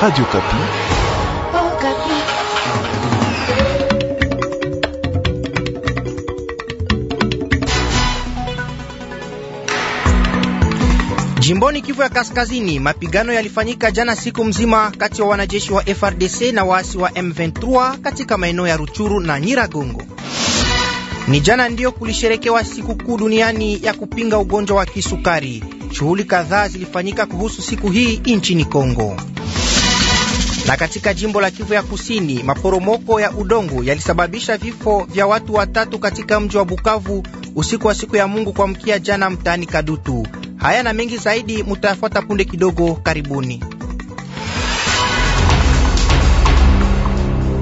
Radio Kapi. Oh, Kapi. Jimboni Kivu ya Kaskazini, mapigano yalifanyika jana siku mzima kati ya wanajeshi wa FRDC na waasi wa M23 katika maeneo ya Ruchuru na Nyiragongo. Ni jana ndiyo kulisherekewa sikukuu duniani ya kupinga ugonjwa wa kisukari. Shughuli kadhaa zilifanyika kuhusu siku hii nchini Kongo. Na katika jimbo la Kivu ya Kusini, maporomoko ya udongo yalisababisha vifo vya watu watatu katika mji wa Bukavu usiku wa siku ya Mungu kuamkia jana mtaani Kadutu. Haya na mengi zaidi mutayafuata punde kidogo. Karibuni.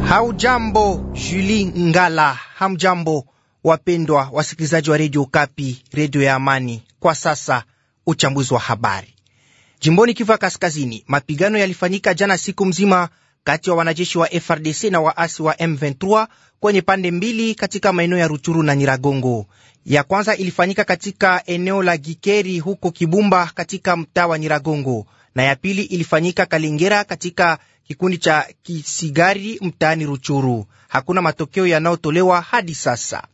Haujambo, Juli Ngala. Hamjambo, wapendwa wasikilizaji wa redio Kapi, redio ya amani. Kwa sasa uchambuzi wa habari Jimboni Kivu ya Kaskazini, mapigano yalifanyika jana siku mzima kati ya wanajeshi wa FRDC na waasi wa M23 kwenye pande mbili katika maeneo ya Ruchuru na Nyiragongo. Ya kwanza ilifanyika katika eneo la Gikeri huko Kibumba katika mtaa wa Nyiragongo, na ya pili ilifanyika Kalingera katika kikundi cha Kisigari mtaani Ruchuru. Hakuna matokeo yanayotolewa hadi sasa.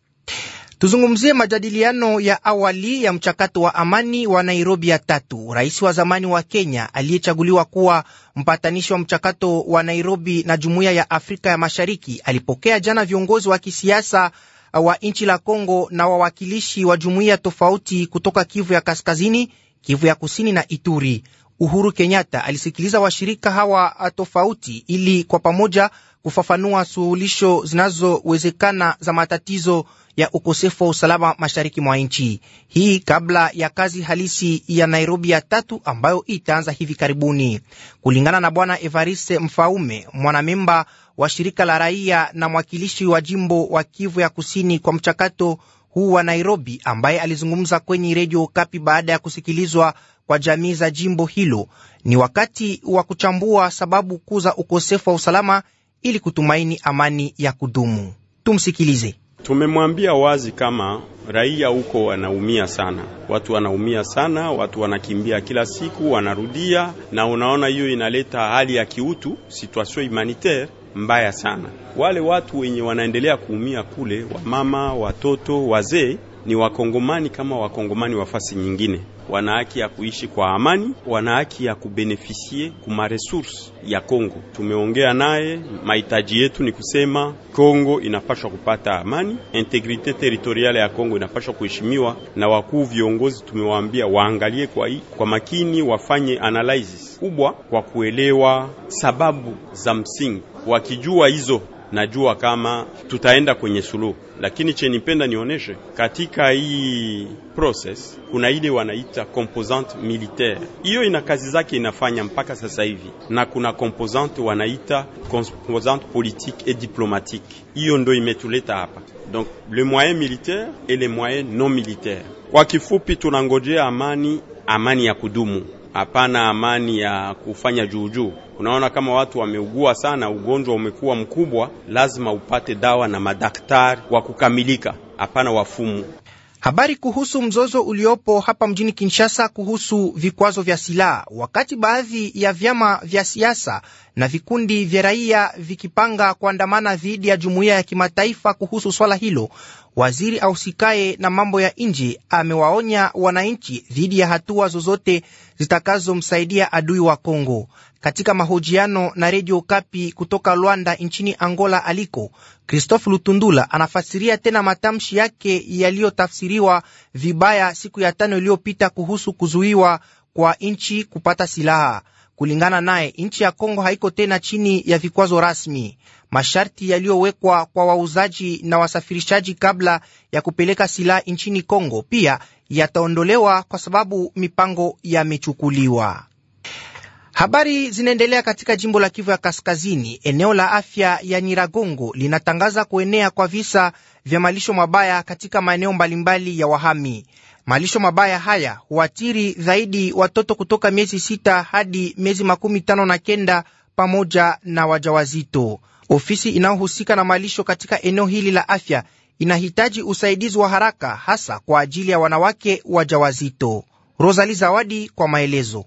Tuzungumzie majadiliano ya awali ya mchakato wa amani wa Nairobi ya tatu. Rais wa zamani wa Kenya aliyechaguliwa kuwa mpatanishi wa mchakato wa Nairobi na Jumuiya ya Afrika ya Mashariki alipokea jana viongozi wa kisiasa wa nchi la Kongo na wawakilishi wa jumuiya tofauti kutoka Kivu ya Kaskazini, Kivu ya Kusini na Ituri. Uhuru Kenyatta alisikiliza washirika hawa tofauti ili kwa pamoja kufafanua suluhisho zinazowezekana za matatizo ya ukosefu wa usalama mashariki mwa nchi hii kabla ya kazi halisi ya Nairobi ya tatu ambayo itaanza hivi karibuni. Kulingana na Bwana Evariste Mfaume, mwanamemba wa shirika la raia na mwakilishi wa jimbo wa Kivu ya Kusini kwa mchakato huu wa Nairobi, ambaye alizungumza kwenye redio Kapi baada ya kusikilizwa kwa jamii za jimbo hilo, ni wakati wa kuchambua sababu kuu za ukosefu wa usalama ili kutumaini amani ya kudumu. Tumsikilize. Tumemwambia wazi kama raia huko wanaumia sana, watu wanaumia sana, watu wanakimbia kila siku, wanarudia na unaona, hiyo inaleta hali ya kiutu, situation humanitaire mbaya sana. Wale watu wenye wanaendelea kuumia kule, wamama, watoto, wazee ni wakongomani kama wakongomani wa fasi nyingine, wana haki ya kuishi kwa amani, wana haki ya kubenefisie kuma resource ya Kongo. Tumeongea naye, mahitaji yetu ni kusema Kongo inapashwa kupata amani, integrite territoriale ya Kongo inapashwa kuheshimiwa, na wakuu viongozi tumewaambia waangalie kwa, hii, kwa makini wafanye analysis kubwa kwa kuelewa sababu za msingi, wakijua hizo najua kama tutaenda kwenye suluhu, lakini che nipenda nionyeshe katika hii process kuna ile wanaita composante militaire. Hiyo ina kazi zake inafanya mpaka sasa hivi, na kuna composante wanaita composante politique et diplomatique. Hiyo ndio imetuleta hapa, donc le moyen militaire et le moyen non militaire. Kwa kifupi, tunangojea amani, amani ya kudumu hapana amani ya kufanya juujuu. Unaona, kama watu wameugua sana, ugonjwa umekuwa mkubwa, lazima upate dawa na madaktari wa kukamilika, hapana wafumu. Habari kuhusu mzozo uliopo hapa mjini Kinshasa kuhusu vikwazo vya silaha, wakati baadhi ya vyama vya siasa na vikundi vya raia vikipanga kuandamana dhidi ya jumuiya ya kimataifa kuhusu swala hilo waziri ausikaye na mambo ya nje amewaonya wananchi dhidi ya hatua zozote zitakazomsaidia adui wa Kongo. Katika mahojiano na redio Kapi kutoka Luanda nchini Angola aliko, Christophe Lutundula anafasiria tena matamshi yake yaliyotafsiriwa vibaya siku ya tano iliyopita kuhusu kuzuiwa kwa nchi kupata silaha. Kulingana naye, nchi ya Kongo haiko tena chini ya vikwazo rasmi. Masharti yaliyowekwa kwa wauzaji na wasafirishaji kabla ya kupeleka silaha nchini Kongo pia yataondolewa kwa sababu mipango yamechukuliwa. Habari zinaendelea katika jimbo la Kivu ya Kaskazini. Eneo la afya ya Nyiragongo linatangaza kuenea kwa visa vya malisho mabaya katika maeneo mbalimbali ya wahami. Malisho mabaya haya huathiri zaidi watoto kutoka miezi sita hadi miezi makumi tano na kenda pamoja na wajawazito. Ofisi inayohusika na malisho katika eneo hili la afya inahitaji usaidizi wa haraka, hasa kwa ajili ya wanawake wajawazito. Rosali Zawadi kwa maelezo.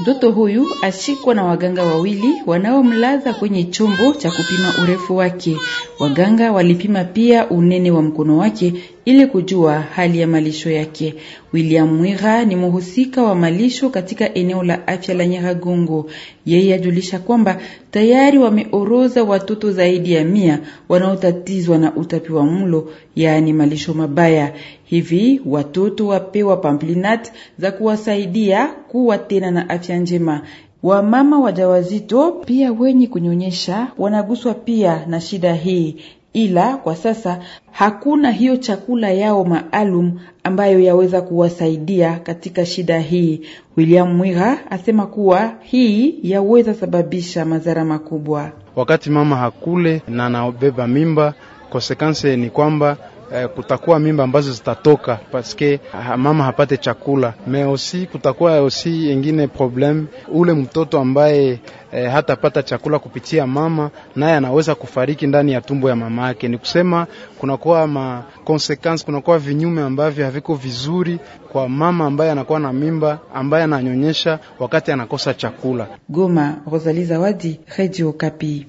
Mtoto huyu ashikwa na waganga wawili wanaomlaza kwenye chombo cha kupima urefu wake. Waganga walipima pia unene wa mkono wake ili kujua hali ya malisho yake. William Mwira ni mhusika wa malisho katika eneo la afya la Nyiragongo. Yeye ajulisha kwamba tayari wameoroza watoto zaidi ya mia wanaotatizwa na utapi wa mlo, yaani malisho mabaya. Hivi watoto wapewa pamplinat za kuwasaidia kuwa tena na afya njema. Wamama wajawazito pia wenye kunyonyesha wanaguswa pia na shida hii ila kwa sasa hakuna hiyo chakula yao maalum ambayo yaweza kuwasaidia katika shida hii. William Mwira asema kuwa hii yaweza sababisha madhara makubwa wakati mama hakule na anabeba mimba. Konsekanse ni kwamba eh, kutakuwa mimba ambazo zitatoka paske mama hapate chakula me osi, kutakuwa osi ingine problem ule mtoto ambaye eh, hatapata chakula kupitia mama, naye anaweza kufariki ndani ya tumbo ya mama yake. Ni kusema kunakuwa ma consequence, kunakuwa vinyume ambavyo haviko vizuri kwa mama ambaye anakuwa na mimba, ambaye ananyonyesha wakati anakosa chakula. Goma, Rosalie Zawadi, Radio Kapi.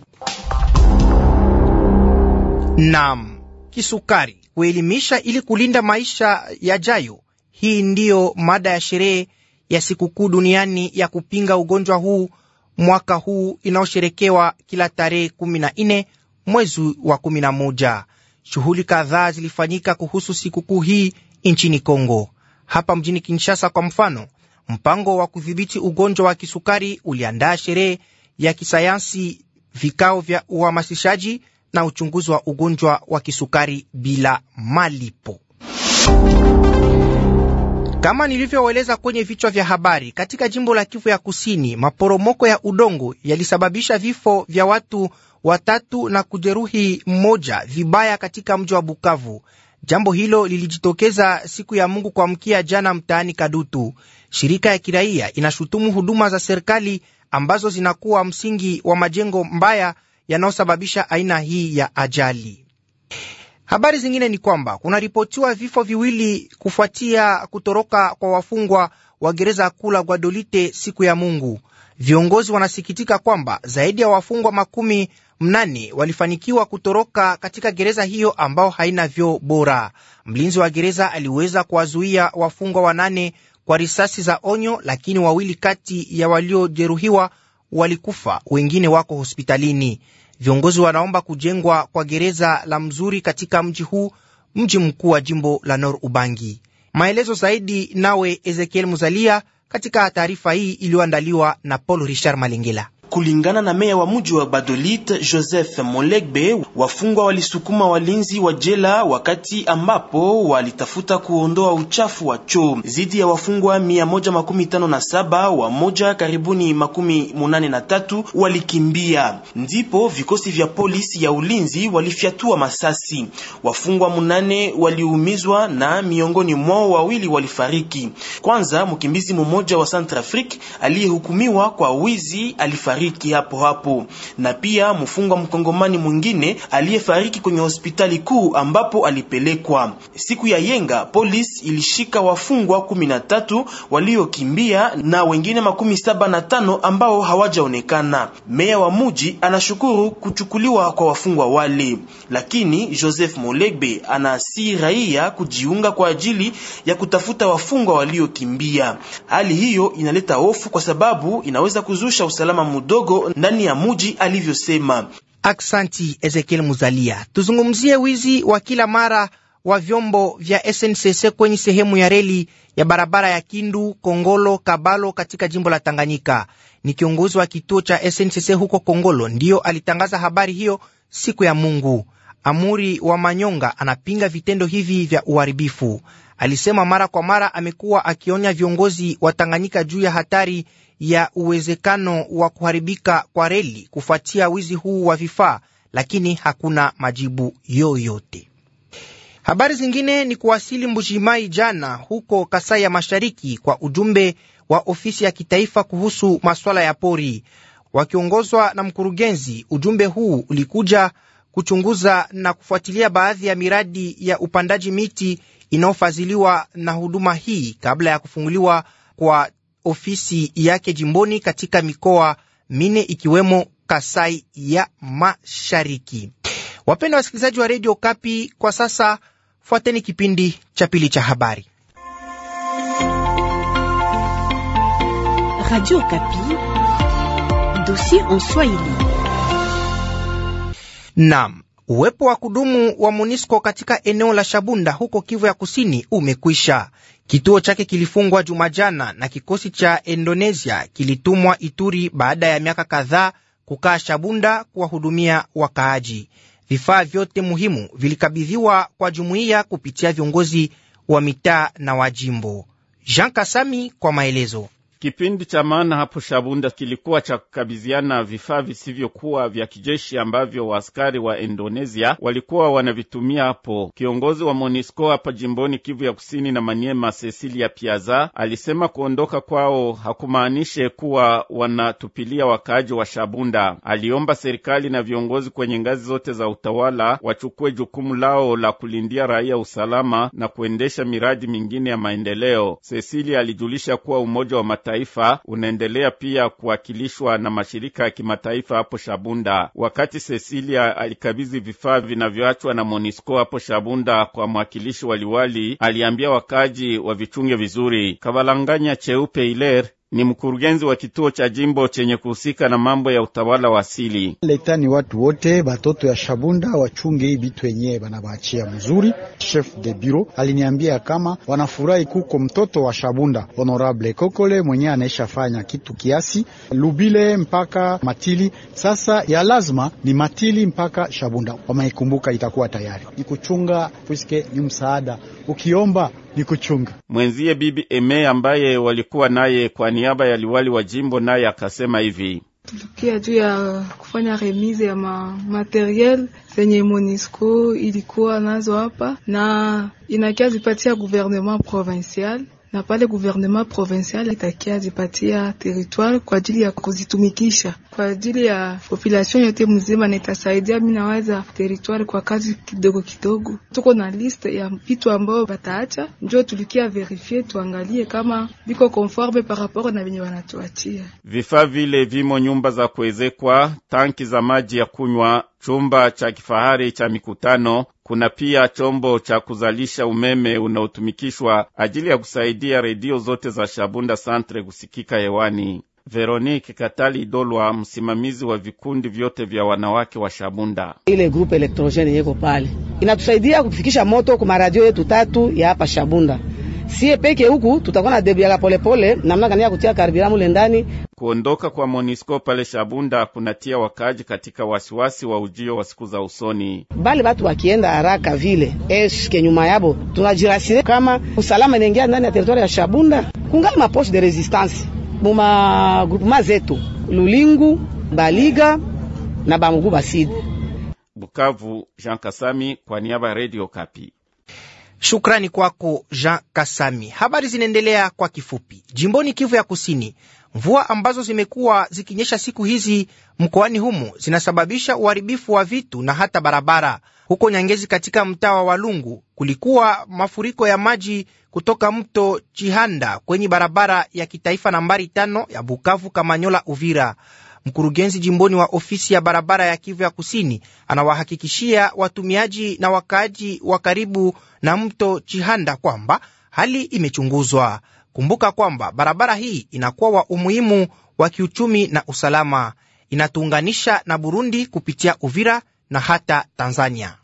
Nam, kisukari kuelimisha ili kulinda maisha yajayo. Hii ndiyo mada ya sherehe ya sikukuu duniani ya kupinga ugonjwa huu mwaka huu inayosherekewa kila tarehe nne mwezi wa 11. Shughuli kadhaa zilifanyika kuhusu sikukuu hii nchini Kongo. Hapa mjini Kinshasa, kwa mfano, mpango wa kudhibiti ugonjwa wa kisukari uliandaa sherehe ya kisayansi, vikao vya uhamasishaji na uchunguzi wa ugonjwa wa kisukari bila malipo. Kama nilivyoeleza kwenye vichwa vya habari, katika jimbo la Kivu ya Kusini, maporomoko ya udongo yalisababisha vifo vya watu watatu na kujeruhi mmoja vibaya katika mji wa Bukavu. Jambo hilo lilijitokeza siku ya Mungu kuamkia jana mtaani Kadutu. Shirika ya kiraia inashutumu huduma za serikali ambazo zinakuwa msingi wa majengo mbaya yanayosababisha aina hii ya ajali. Habari zingine ni kwamba kunaripotiwa vifo viwili kufuatia kutoroka kwa wafungwa wa gereza kuu la Guadolite siku ya Mungu. Viongozi wanasikitika kwamba zaidi ya wafungwa makumi mnane walifanikiwa kutoroka katika gereza hiyo ambao haina vyoo bora. Mlinzi wa gereza aliweza kuwazuia wafungwa wanane kwa risasi za onyo, lakini wawili kati ya waliojeruhiwa walikufa, wengine wako hospitalini. Viongozi wanaomba kujengwa kwa gereza la Mzuri katika mji huu, mji mkuu wa jimbo la Nor Ubangi. Maelezo zaidi nawe Ezekiel Muzalia katika taarifa hii iliyoandaliwa na Paul Richard Malengela. Kulingana na meya wa muji wa badolit Joseph Molegbe, wafungwa walisukuma walinzi wa jela wakati ambapo walitafuta kuondoa uchafu wa choo zidi ya wafungwa mia moja wa moja karibuni makumi munane na tatu walikimbia. Ndipo vikosi vya polisi ya ulinzi walifyatua masasi. Wafungwa munane waliumizwa na miongoni mwao wawili walifariki. Kwanza mkimbizi mmoja wa Centrafrique aliyehukumiwa kwa wizi alifariki alifariki hapo hapo, na pia mfungwa mkongomani mwingine aliyefariki kwenye hospitali kuu ambapo alipelekwa. Siku ya yenga, polisi ilishika wafungwa kumi na tatu waliokimbia na wengine makumi saba na tano ambao hawajaonekana. Meya wa muji anashukuru kuchukuliwa kwa wafungwa wale, lakini Joseph Molebe anasi raia kujiunga kwa ajili ya kutafuta wafungwa waliokimbia. Hali hiyo inaleta hofu kwa sababu inaweza kuzusha usalama mudogo mdogo ndani ya muji, alivyosema. Aksanti Ezekiel Muzalia. Tuzungumzie wizi wa kila mara wa vyombo vya SNCC kwenye sehemu ya reli ya barabara ya Kindu Kongolo Kabalo katika jimbo la Tanganyika. Ni kiongozi wa kituo cha SNCC huko Kongolo ndiyo alitangaza habari hiyo siku ya Mungu. Amuri wa Manyonga anapinga vitendo hivi vya uharibifu. Alisema mara kwa mara amekuwa akionya viongozi wa Tanganyika juu ya hatari ya uwezekano wa kuharibika kwa reli kufuatia wizi huu wa vifaa, lakini hakuna majibu yoyote. Habari zingine ni kuwasili Mbujimai jana huko Kasai ya Mashariki kwa ujumbe wa ofisi ya kitaifa kuhusu masuala ya pori wakiongozwa na mkurugenzi. Ujumbe huu ulikuja kuchunguza na kufuatilia baadhi ya miradi ya upandaji miti inayofadhiliwa na huduma hii kabla ya kufunguliwa kwa ofisi yake jimboni katika mikoa mine ikiwemo Kasai ya Mashariki. Wapenda wasikilizaji wa redio Kapi, kwa sasa fuateni kipindi cha pili cha habari. Radio Kapi, dossier en Swahili. Naam. Uwepo wa kudumu wa MONUSCO katika eneo la Shabunda huko Kivu ya Kusini umekwisha. Kituo chake kilifungwa Jumajana na kikosi cha Indonesia kilitumwa Ituri baada ya miaka kadhaa kukaa Shabunda kuwahudumia wakaaji. Vifaa vyote muhimu vilikabidhiwa kwa jumuiya kupitia viongozi wa mitaa na wa Jean Kasami kwa maelezo. Kipindi cha maana hapo Shabunda kilikuwa cha kukabiziana vifaa visivyokuwa vya kijeshi ambavyo waaskari wa Indonesia walikuwa wanavitumia hapo. Kiongozi wa MONUSCO hapa jimboni Kivu ya Kusini na Manyema, Cecilia Piaza, alisema kuondoka kwao hakumaanishe kuwa wanatupilia wakaaji wa Shabunda. Aliomba serikali na viongozi kwenye ngazi zote za utawala wachukue jukumu lao la kulindia raia usalama na kuendesha miradi mingine ya maendeleo. Cecilia alijulisha kuwa Umoja wa Mataifa kimataifa unaendelea pia kuwakilishwa na mashirika ya kimataifa hapo Shabunda. Wakati Cecilia alikabidhi vifaa vinavyoachwa na MONUSCO hapo Shabunda kwa mwakilishi waliwali, aliambia wakaji wavichunge vizuri. Kavalanganya Cheupe Iler ni mkurugenzi wa kituo cha jimbo chenye kuhusika na mambo ya utawala wa asili. Letani watu wote batoto ya Shabunda wachunge hii bitu yenyewe banabachia mzuri. Chef de bureau aliniambia kama wanafurahi kuko mtoto wa Shabunda Honorable Kokole mwenyewe anaisha fanya kitu kiasi Lubile mpaka Matili. Sasa ya lazima ni Matili mpaka Shabunda, wamaikumbuka itakuwa tayari ni kuchunga puisque ni msaada ukiomba ni kuchunga mwenzie bibi Eme ambaye walikuwa naye kwa niaba ya liwali wa jimbo, naye akasema hivi tulikia juu ya kufanya remise ya ma materiel zenye Monisco ilikuwa nazo hapa na inakia zipatia gouvernement provincial na pale guvernema provincial itakia zipatia territoire kwa ajili ya kuzitumikisha kwa ajili ya population yote mzima, na itasaidia mimi nawaza territoire kwa kazi kidogo kidogo. Tuko na liste ya vitu ambao bataacha, njo tulikia verifie tuangalie kama viko conforme par rapport na venye wanatuachia. Vifaa vile vimo nyumba za kuezekwa, tanki za maji ya kunywa, chumba cha kifahari cha mikutano kuna pia chombo cha kuzalisha umeme unaotumikishwa ajili ya kusaidia redio zote za Shabunda Santre kusikika hewani. Veronique Katali Idolwa, msimamizi wa vikundi vyote vya wanawake wa Shabunda. Ile grupu elektrojeni yeko pale inatusaidia kufikisha moto kwa maradio yetu tatu ya hapa Shabunda sie peke huku tutakuwa na debiaga polepole namna gani ya kutia karibira le ndani. Kuondoka kwa Monisco pale Shabunda kunatia wakaji katika wasiwasi wa ujio wa siku za usoni. Bali batu wakienda haraka vile eske nyuma yabo, tunajirasire kama usalama inaingia ndani ya teritoria ya Shabunda. Kungali maposte de resistance muma grupema zetu Lulingu, Baliga na Bamugu Basidi. Bukavu, Jean Kasami kwa niaba ya Radio Kapi. Shukrani kwako Jean Kasami. Habari zinaendelea kwa kifupi. Jimboni Kivu ya Kusini, mvua ambazo zimekuwa zikinyesha siku hizi mkoani humo zinasababisha uharibifu wa vitu na hata barabara. Huko Nyangezi, katika mtaa wa Walungu, kulikuwa mafuriko ya maji kutoka mto Chihanda kwenye barabara ya kitaifa nambari tano ya Bukavu Kamanyola Uvira. Mkurugenzi jimboni wa ofisi ya barabara ya Kivu ya Kusini anawahakikishia watumiaji na wakaaji wa karibu na mto Chihanda kwamba hali imechunguzwa. Kumbuka kwamba barabara hii inakuwa wa umuhimu wa kiuchumi na usalama, inatuunganisha na Burundi kupitia Uvira na hata Tanzania.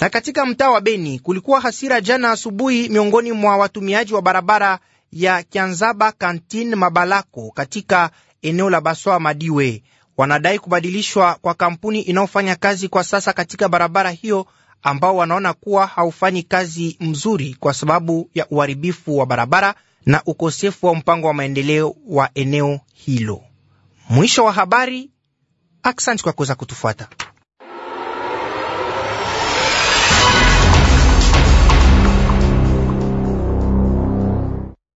Na katika mtaa wa Beni kulikuwa hasira jana asubuhi miongoni mwa watumiaji wa barabara ya Kianzaba Kantin Mabalako katika eneo la Baswa Madiwe. Wanadai kubadilishwa kwa kampuni inayofanya kazi kwa sasa katika barabara hiyo, ambao wanaona kuwa haufanyi kazi mzuri kwa sababu ya uharibifu wa barabara na ukosefu wa mpango wa maendeleo wa eneo hilo. Mwisho wa habari. Aksanti kwa kuweza kutufuata.